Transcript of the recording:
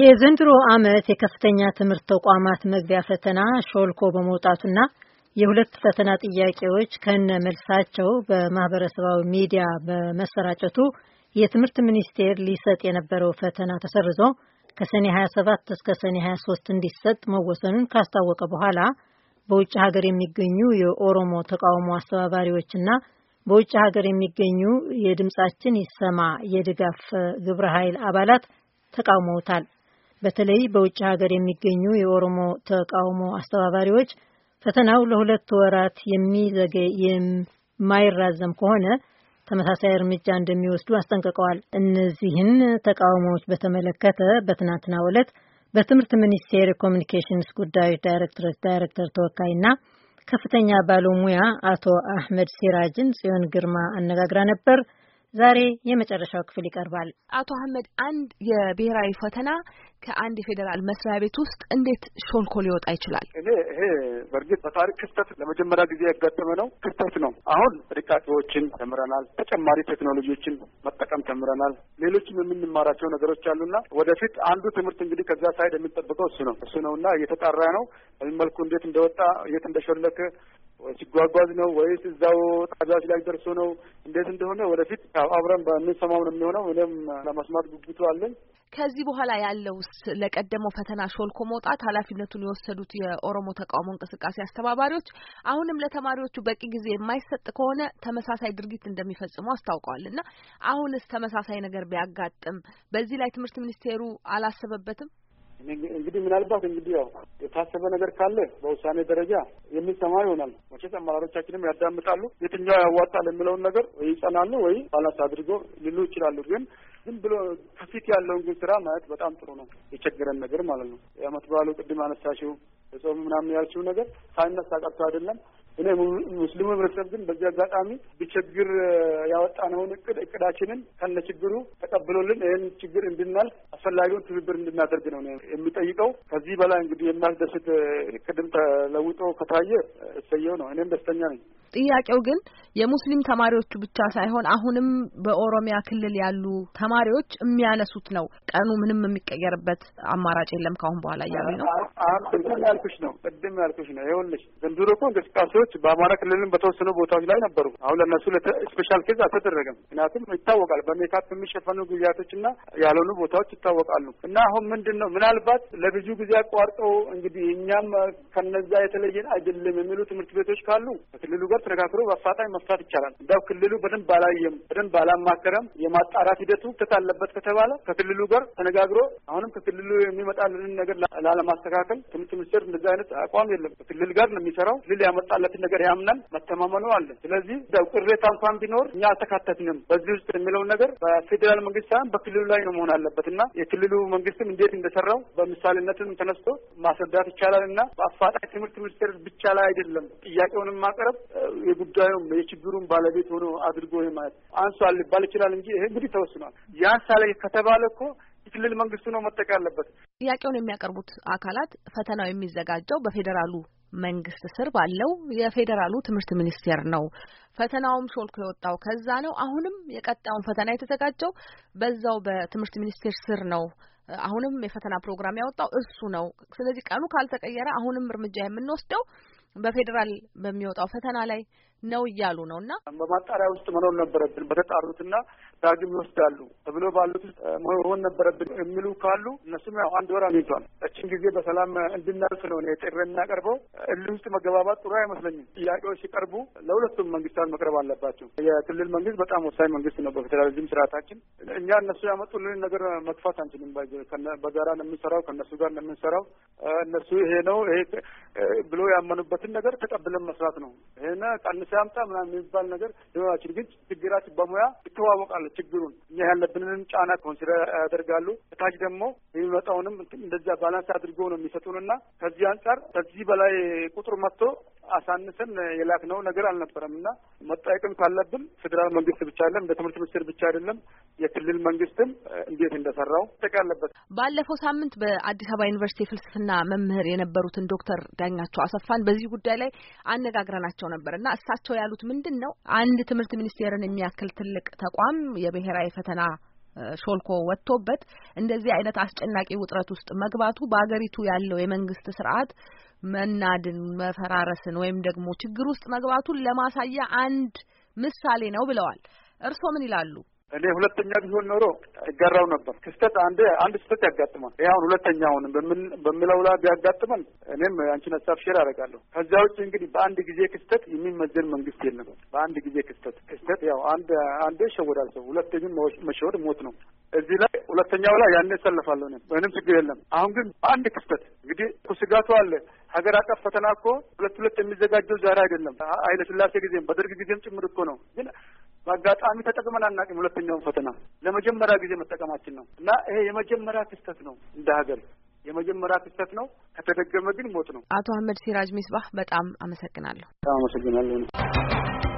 የዘንድሮ ዓመት የከፍተኛ ትምህርት ተቋማት መግቢያ ፈተና ሾልኮ በመውጣቱና የሁለት ፈተና ጥያቄዎች ከነ መልሳቸው በማህበረሰባዊ ሚዲያ በመሰራጨቱ የትምህርት ሚኒስቴር ሊሰጥ የነበረው ፈተና ተሰርዞ ከሰኔ 27 እስከ ሰኔ 23 እንዲሰጥ መወሰኑን ካስታወቀ በኋላ በውጭ ሀገር የሚገኙ የኦሮሞ ተቃውሞ አስተባባሪዎችና በውጭ ሀገር የሚገኙ የድምጻችን ይሰማ የድጋፍ ግብረ ኃይል አባላት ተቃውመውታል። በተለይ በውጭ ሀገር የሚገኙ የኦሮሞ ተቃውሞ አስተባባሪዎች ፈተናው ለሁለት ወራት የሚዘገይ የማይራዘም ከሆነ ተመሳሳይ እርምጃ እንደሚወስዱ አስጠንቅቀዋል። እነዚህን ተቃውሞዎች በተመለከተ በትናንትናው ዕለት በትምህርት ሚኒስቴር የኮሚኒኬሽንስ ጉዳዮች ዳይሬክቶሬት ዳይሬክተር ተወካይና ከፍተኛ ባለሙያ አቶ አህመድ ሲራጅን ጽዮን ግርማ አነጋግራ ነበር። ዛሬ የመጨረሻው ክፍል ይቀርባል። አቶ አህመድ አንድ የብሔራዊ ፈተና ከአንድ የፌዴራል መስሪያ ቤት ውስጥ እንዴት ሾልኮ ሊወጣ ይችላል? እኔ ይሄ በእርግጥ በታሪክ ክስተት ለመጀመሪያ ጊዜ ያጋጠመ ነው ክስተት ነው። አሁን ጥንቃቄዎችን ተምረናል፣ ተጨማሪ ቴክኖሎጂዎችን መጠቀም ተምረናል። ሌሎችም የምንማራቸው ነገሮች አሉና ወደፊት አንዱ ትምህርት እንግዲህ ከዛ ሳይድ የምንጠብቀው እሱ ነው እሱ ነውና እየተጣራ ነው በምን መልኩ እንዴት እንደወጣ የት እንደሾለከ ሲጓጓዝ ነው ወይስ እዛው ጣቢያዎች ላይ ደርሶ ነው? እንዴት እንደሆነ ወደፊት አብረን በምንሰማው ነው የሚሆነው። እኔም ለመስማት ጉጉቱ አለኝ። ከዚህ በኋላ ያለው ለቀደመው ፈተና ሾልኮ መውጣት ኃላፊነቱን የወሰዱት የኦሮሞ ተቃውሞ እንቅስቃሴ አስተባባሪዎች አሁንም ለተማሪዎቹ በቂ ጊዜ የማይሰጥ ከሆነ ተመሳሳይ ድርጊት እንደሚፈጽሙ አስታውቀዋል። እና አሁንስ ተመሳሳይ ነገር ቢያጋጥም በዚህ ላይ ትምህርት ሚኒስቴሩ አላሰበበትም? እንግዲህ ምናልባት እንግዲህ ያው የታሰበ ነገር ካለ በውሳኔ ደረጃ የሚሰማ ይሆናል። መቼት አመራሮቻችንም ያዳምጣሉ። የትኛው ያዋጣል የሚለውን ነገር ይጸናሉ ወይ ባላስ አድርጎ ሊሉ ይችላሉ። ግን ዝም ብሎ ከፊት ያለውን ግን ስራ ማየት በጣም ጥሩ ነው። የቸገረን ነገር ማለት ነው። የአመት በዓሉ ቅድም አነሳሽው በጾም ምናምን ያልችው ነገር ሳይነሳ ቀርቶ አይደለም። እኔ ሙስሊሙ ህብረተሰብ ግን በዚህ አጋጣሚ ቢቸግር ያወጣነውን እቅድ እቅዳችንን ከነ ችግሩ ተቀብሎልን ይህን ችግር እንድናል አስፈላጊውን ትብብር እንድናደርግ ነው የሚጠይቀው። ከዚህ በላይ እንግዲህ የማስደስት ቅድም ተለውጦ ከታየ እሰየው ነው። እኔም ደስተኛ ነኝ። ጥያቄው ግን የሙስሊም ተማሪዎቹ ብቻ ሳይሆን አሁንም በኦሮሚያ ክልል ያሉ ተማሪዎች የሚያነሱት ነው። ቀኑ ምንም የሚቀየርበት አማራጭ የለም ካሁን በኋላ እያሉ ነው። ቅድም ያልኩሽ ነው ቅድም ያልኩሽ ነው። ይኸውልሽ ዘንድሮ እኮ እንቅስቃሴዎች በአማራ ክልልም በተወሰኑ ቦታዎች ላይ ነበሩ። አሁን ለእነሱ ስፔሻል ኬዝ አልተደረገም። ምክንያቱም ይታወቃል፣ በሜካፕ የሚሸፈኑ ጊዜያቶች እና ያልሆኑ ቦታዎች ይታወቃሉ። እና አሁን ምንድን ነው ምናልባት ለብዙ ጊዜ አቋርጠው እንግዲህ እኛም ከነዛ የተለየን አይደለም የሚሉ ትምህርት ቤቶች ካሉ ከክልሉ ጋር ተነጋግሮ በአፋጣኝ መፍታት ይቻላል። እንዲያው ክልሉ በደንብ አላየም፣ በደንብ አላማከረም። የማጣራት ሂደቱ ክት አለበት ከተባለ ከክልሉ ጋር ተነጋግሮ አሁንም ከክልሉ የሚመጣልንን ነገር ላለማስተካከል ትምህርት ሚኒስቴር እንደዚህ አይነት አቋም የለም። ከክልል ጋር ነው የሚሰራው። ክልል ያመጣለትን ነገር ያምናል፣ መተማመኑ አለ። ስለዚህ ቅሬታ እንኳን ቢኖር እኛ አልተካተትንም በዚህ ውስጥ የሚለውን ነገር በፌዴራል መንግስት ሳይሆን በክልሉ ላይ ነው መሆን አለበት እና የክልሉ መንግስትም እንዴት እንደሰራው በምሳሌነትም ተነስቶ ማስረዳት ይቻላል እና በአፋጣኝ ትምህርት ሚኒስቴር ብቻ ላይ አይደለም ጥያቄውንም ማቅረብ የጉዳዩም የችግሩም ባለቤት ሆኖ አድርጎ ማለት አንሷል ሊባል ይችላል እንጂ ይሄ እንግዲህ ተወስኗል። ያንሳለ ከተባለ እኮ የክልል መንግስቱ ነው መጠቅ ያለበት። ጥያቄውን የሚያቀርቡት አካላት ፈተናው የሚዘጋጀው በፌዴራሉ መንግስት ስር ባለው የፌዴራሉ ትምህርት ሚኒስቴር ነው። ፈተናውም ሾልኮ የወጣው ከዛ ነው። አሁንም የቀጣዩን ፈተና የተዘጋጀው በዛው በትምህርት ሚኒስቴር ስር ነው። አሁንም የፈተና ፕሮግራም ያወጣው እሱ ነው። ስለዚህ ቀኑ ካልተቀየረ አሁንም እርምጃ የምንወስደው በፌዴራል በሚወጣው ፈተና ላይ ነው እያሉ ነው። እና በማጣሪያ ውስጥ መኖር ነበረብን በተጣሩትና ዳግም ይወስዳሉ ተብሎ ባሉት ውስጥ መሆን ነበረብን የሚሉ ካሉ እነሱም ያው አንድ ወር አግኝቷል። እችን ጊዜ በሰላም እንድናልፍ ነው ጥሪ የምናቀርበው። እልህ ውስጥ መገባባት ጥሩ አይመስለኝም። ጥያቄዎች ሲቀርቡ ለሁለቱም መንግስታት መቅረብ አለባቸው። የክልል መንግስት በጣም ወሳኝ መንግስት ነው በፌዴራሊዝም ስርዓታችን። እኛ እነሱ ያመጡልን ነገር መግፋት አንችልም። በጋራ ነው የምንሰራው፣ ከእነሱ ጋር ነው የምንሰራው። እነሱ ይሄ ነው ይሄ ብሎ ያመኑበትን ነገር ተቀብለን መስራት ነው። ይሄን ቀንስ ልብስ ያምጣ ምናምን የሚባል ነገር ሊሆናችን ግን ችግራችን በሙያ ይተዋወቃሉ። ችግሩን እኛ ያለብንንም ጫና ኮንሲደር ያደርጋሉ። ከታች ደግሞ የሚመጣውንም እንደዚያ ባላንስ አድርጎ ነው የሚሰጡንና ከዚህ አንጻር ከዚህ በላይ ቁጥር መጥቶ አሳንሰን የላክነው ነገር አልነበረም እና መጠየቅም ካለብን ፌዴራል መንግስት ብቻ አይደለም፣ እንደ ትምህርት ሚኒስቴር ብቻ አይደለም፣ የክልል መንግስትም እንዴት እንደሰራው ጠቅ አለበት። ባለፈው ሳምንት በአዲስ አበባ ዩኒቨርሲቲ የፍልስፍና መምህር የነበሩትን ዶክተር ዳኛቸው አሰፋን በዚህ ጉዳይ ላይ አነጋግረናቸው ነበር እና ናቸው ያሉት ምንድን ነው አንድ ትምህርት ሚኒስቴርን የሚያክል ትልቅ ተቋም የብሔራዊ ፈተና ሾልኮ ወጥቶበት እንደዚህ አይነት አስጨናቂ ውጥረት ውስጥ መግባቱ በሀገሪቱ ያለው የመንግስት ስርዓት መናድን፣ መፈራረስን ወይም ደግሞ ችግር ውስጥ መግባቱን ለማሳያ አንድ ምሳሌ ነው ብለዋል። እርስዎ ምን ይላሉ? እኔ ሁለተኛ ቢሆን ኖሮ እጋራው ነበር። ክስተት አን አንድ ስህተት ያጋጥማል። ይህ አሁን ሁለተኛውን በምለው ላይ ቢያጋጥመን እኔም አንቺን ሀሳብ ሼር አደርጋለሁ። ከዚያ ውጭ እንግዲህ በአንድ ጊዜ ክስተት የሚመዘን መንግስት የለም። በአንድ ጊዜ ክስተት ክስተት ያው አንድ አንዴ ይሸወዳል ሰው፣ ሁለተኛም መሸወድ ሞት ነው። እዚህ ላይ ሁለተኛው ላይ ያን እሰለፋለሁ። ምንም ችግር የለም። አሁን ግን በአንድ ክስተት እንግዲህ ስጋቱ አለ። ሀገር አቀፍ ፈተና እኮ ሁለት ሁለት የሚዘጋጀው ዛሬ አይደለም። ኃይለ ሥላሴ ጊዜም በደርግ ጊዜም ጭምር እኮ ነው ግን በአጋጣሚ ተጠቅመን አናውቅም። ሁለተኛውን ፈተና ለመጀመሪያ ጊዜ መጠቀማችን ነው እና ይሄ የመጀመሪያ ክስተት ነው እንደ ሀገር የመጀመሪያ ክስተት ነው። ከተደገመ ግን ሞት ነው። አቶ አህመድ ሲራጅ ሚስባህ በጣም አመሰግናለሁ። በጣም አመሰግናለሁ።